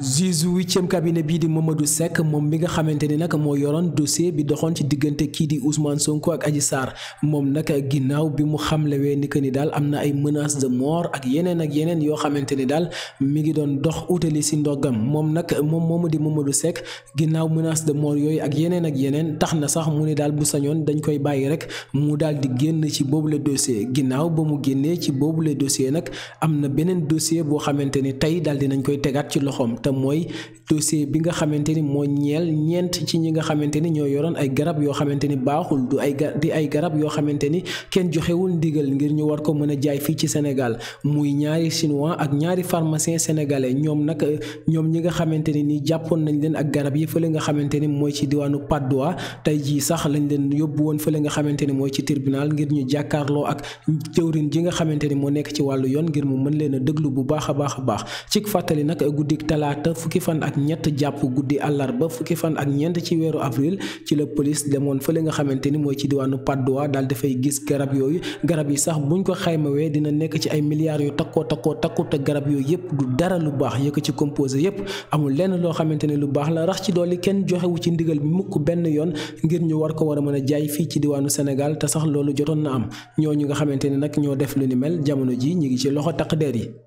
juge huitième cabinet bii di Mamadou Seck moom mi nga xamante ni nag moo yoroon dossier bi doxoon ci diggante kii di Ousmane Sonko ak Adji saar moom nag ginnaaw bi mu xamlewee ni que ni daal am na ay menaces de mort ak yeneen ak yeneen yoo xamante ni daal mi ngi doon dox utali si ndoggam moom nag moom moomu di Mamadou Seck ginnaaw menace de mort yooyu ak yeneen ak yeneen tax na sax mu ne daal bu sañoon dañ koy bàyyi rek mu daal di génn ci la dossier ginnaaw ba mu génnee ci boobu boobule dossier nag am na beneen dossier boo xamante ni tey daal dinañ koy tegaat ci loxoom. te mooy dossier bi nga xamante ni moo ñeel ñeent ci ñi nga xamante ni ñoo yoroon ay garab yoo xamante ni baaxul du ay di ay garab yoo xamante ni kenn joxewul ndigal ngir ñu war ko mën a jaay fii ci Sénégal muy ñaari chinois ak ñaari pharmacien sénégalais ñoom nag ñoom ñi nga xamante ni nii jàppoon nañ leen ak garab yi fële nga xamante ni mooy ci diwaanu Padoa tey jii sax lañ leen yóbbu woon fële nga xamante ni mooy ci tribunal ngir ñu jàkkaarloo ak jëwrin ji nga xamante ni moo nekk ci wàllu yoon ngir mu mën leen a déglu bu baax a baax a baax ci fàttali nag talaata fukki fan ak ñett jàpp guddi àllarba fukki fan ak ñeent ci weeru avril ci la polis demoon fële nga xamante ni mooy ci diwaanu Padoa daal dafay gis garab yooyu garab yi sax bu ñu ko xaymawee dina nekk ci ay milliards yu takkoo takkoo takku te garab yooyu yëpp du dara lu baax yëkk ci composé yëpp amul lenn loo xamante ni lu baax la rax ci dolli kenn joxewu ci ndigal bi mukk benn yoon ngir ñu war ko war a mën a jaay fii ci diwaanu Sénégal te sax loolu jotoon na am ñooñu nga xamante ni nag ñoo def lu ni mel jamono ji ñi ngi ci loxo takk der yi